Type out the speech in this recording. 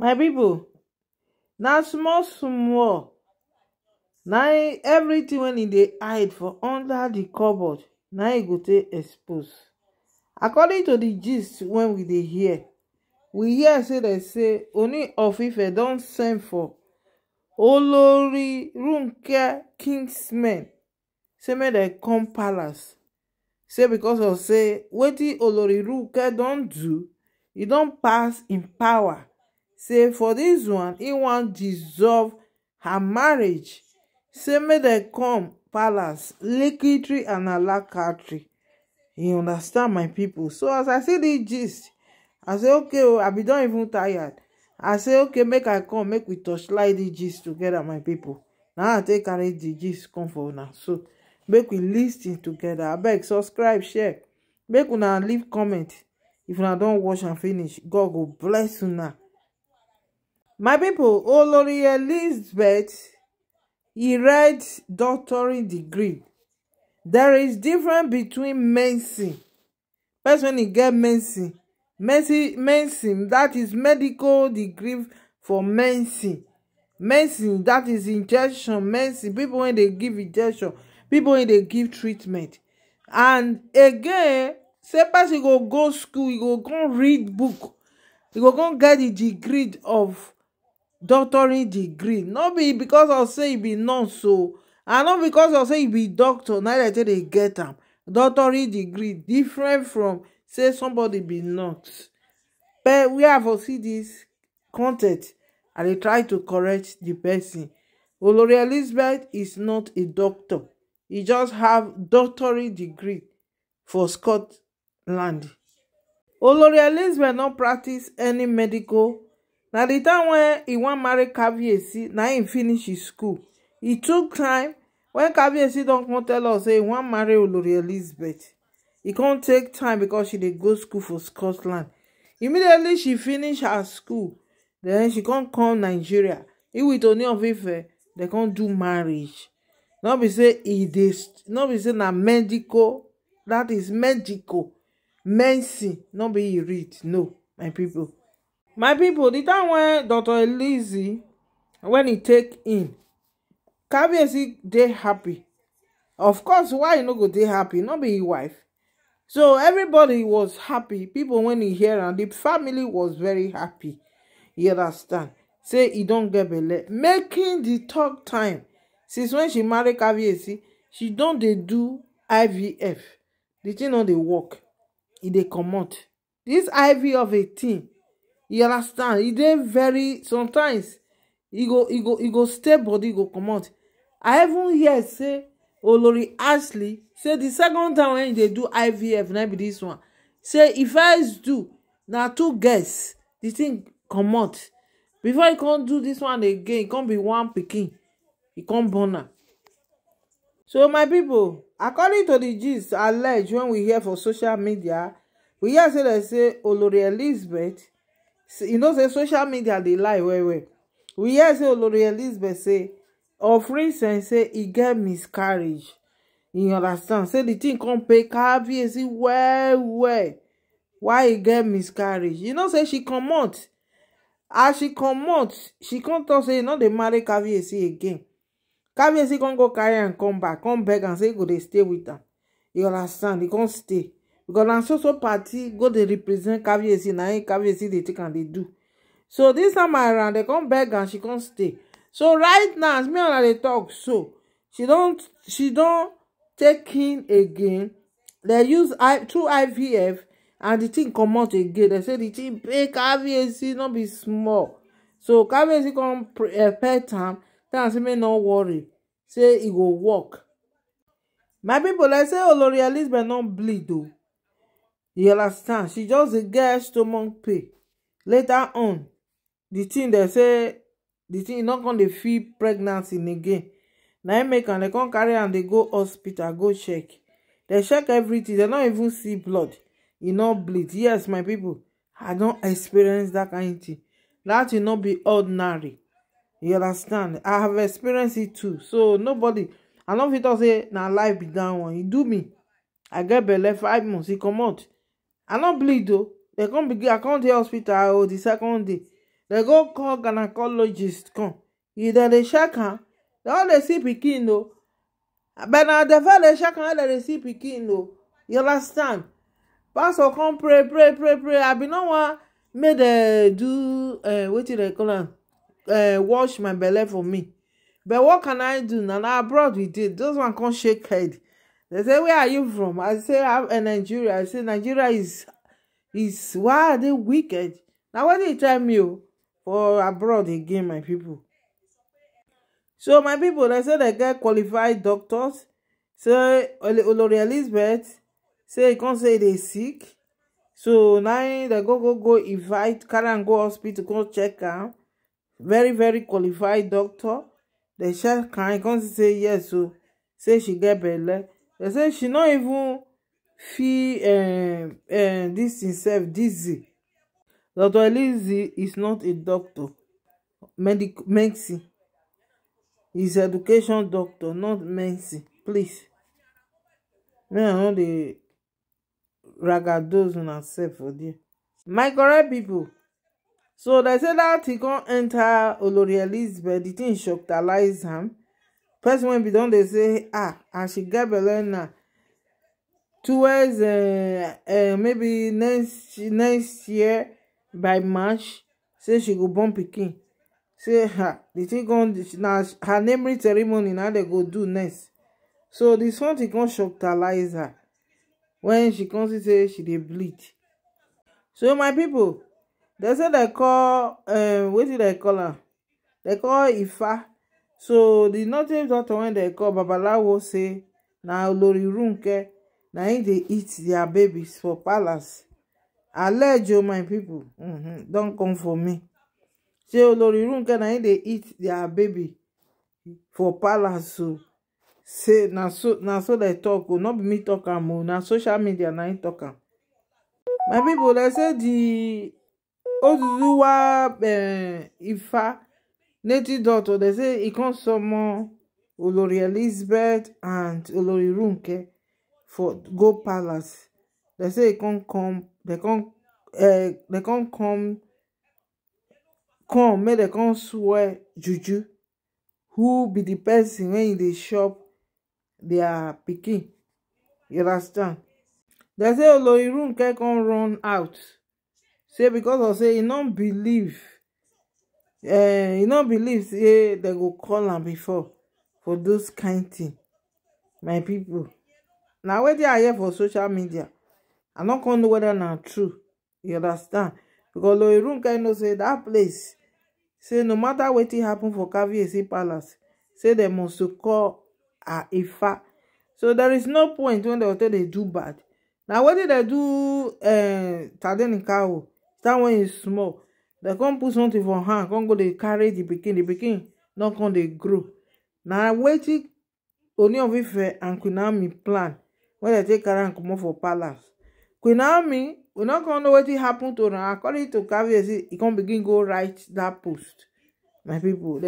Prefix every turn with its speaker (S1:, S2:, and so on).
S1: my people, na small small na everything wey e dey hide for under the cupboard na e go take expose according to the gist wey we dey hear we hear say dem say oni of ife don send for olori runke kingsmen say make dem come palace say because of say wetin olori runke don do e don pass im power say for this one he wan dissolve her marriage say make dem come palace liquidry and alaka tree you understand my people. so as i see dis gist i say okay o oh, i be don even tired i say okay make i come make we torchlight dis gist together, my people. na i take carry the gist come for una so make we listen togeda abeg subscribe share make una leave comment if una don watch am finish god go bless una my pipo olori elizabeth he read doctoring degree there is difference between medicine first when he get medicine medicine medicine that is medical degree for medicine medicine that is injection medicine people when they give injection people when they give treatment and again say person go go school e go go read book e go go get the degree of doctoring degree no be because of say e be none so and not because of say e be doctor na they say dey get am doctoring degree different from say somebody be not but we have for see dis content i dey try to correct the person olori elizabeth is not a doctor e just have doctorate degree for scotland olori elizabeth no practice any medical na the time when he wan marry caviarcy na im finish his school He took time when caviarcy don come tell us say he wan marry olori elizabeth He come take time because she dey go school for scotland immediately she finish her school then she come come nigeria He with oni of ife dem come do marriage no be say e dey no be say na medical that is medical medicine no be e read no my people my people, the time when dr elizi when he take in kabiyesi dey happy of course why e no go dey happy no be e wife so everybody was happy People when he hear am the family was very happy you understand say he don get belle making the third time since when she marry kabiyesi she don dey do ivf di thing no dey work e dey comot this IVF of thing you understand e dey very sometimes e go e go e go stay body go comot i even hear say olori ashley say the second time wen e dey do ivf na be this one say e first do na two girls the thing comot before e come do this one again e come be one pikin e come born am so my people, according to the gist alleged wen we hear for social media we hear say dem say olori elizabeth you know say social media dey lie well well we hear say olori elizabeth say offering sense say e get miscarriage you understand say the thing come pay caviezi well well why e get miscarriage you know say she comot as she comot she come tok say e no dey marry caviezi again caviezi come go carry am come back come beg am say e go dey stay with am you understand e come stay because na so so party go dey represent caviarcy na im caviarcy dey take and dey do so this time around dem come beg am she come stay so right now as me and her dey talk so she don she don take in again dem use through ivf and di tin comot again dem say the thing, pay caviarcy no be small so caviarcy come pet am tell am say make no worry say e go work my people, like say olori oh, elizabeth don bleed o you understand she just dey get stomach pain later on the thing they say the thing no come dey feel pregnancy again Now im make and they come carry and they go hospital go check They check everything They no even see blood e no bleed yes my people, i don't experience that kind of thing. That will not be ordinary you understand i have experienced it too so nobody i no fit talk say na life be dat one e do me i get belle five months e come out i not bleed though. They come begin i come dey hospital o the second day They go call gynecologist come if dem check am dem all dey see pikin o but na dem first dey check am dem dey see pikin o you understand pastor come pray pray pray pray i be no wan made dem uh, do Uh, what wetin they call Uh, wash my belly for me but what can i do Now na abroad we dey those one come shake head They say, where are you from? I say, I'm in eh, Nigeria. I say, Nigeria is, is why are they wicked? Now, what they tell me oh, for abroad again, my people? So, my people, they say they get qualified doctors. So, Olori Elizabeth, say, you can't say they sick. So, now they go, go, go, invite, carry and go hospital, go check am. Very, very qualified doctor. They check am, can't say yes, so, oh. say she get better. They say she not even fit um, um, this herself dizzy dr elizzy is not a doctor medic medicine is education doctor not medicine please make i no dey ragadose una sef for there my correct people. so they say that he come enter olori elizabeth the thing shocktalize am Person when we bidon they say, ah, and she got a now. Towards uh, uh, maybe next next year by March, say she go bomb pikin. Say her, the thing gone now her memory ceremony now they go do next. So this one going gonna shock her when she comes say she dey bleed. So my people, they say they call um, what did they call her? They call Ifa. so di northern doctor wey dem call babalawo say na olorironke na im dey eat dia babies for palace alejo oh, my pipo mm-hmm. don come for me say olorironke na im dey eat dia baby for palace so oh. say na so na so dem tok o oh. not be me tok am o na social media na im tok am my pipo dem say di ozuzuwa eh, ifa native daughter. They say e come summon olori elizabeth and olori runke for go palace They say e come come They come uh, they come come come make they come swear juju who be the person when they shop? chop dia pikin you understand They say olori runke come run out say because I say e no believe Uh, you no believe say they go call am before for those kind tin my people. Now, where they are here for social media i no con know weda na true you understand Because becos loirunke know say that place say no matter what wetin happen for caviarcy palace say they must to call her ifa so there is no point wen dem tell they do bad Now, what did they do eh, tadenika o that one is small dem come put something for hand come go dey carry the pikin The pikin not come dey grow na wetin only of Ife and Queen Naomi plan wen dem take carry come comot for palace Queen Naomi we not come know what wetin happen to am according to Kabiyesi e come begin go write that post my pipo.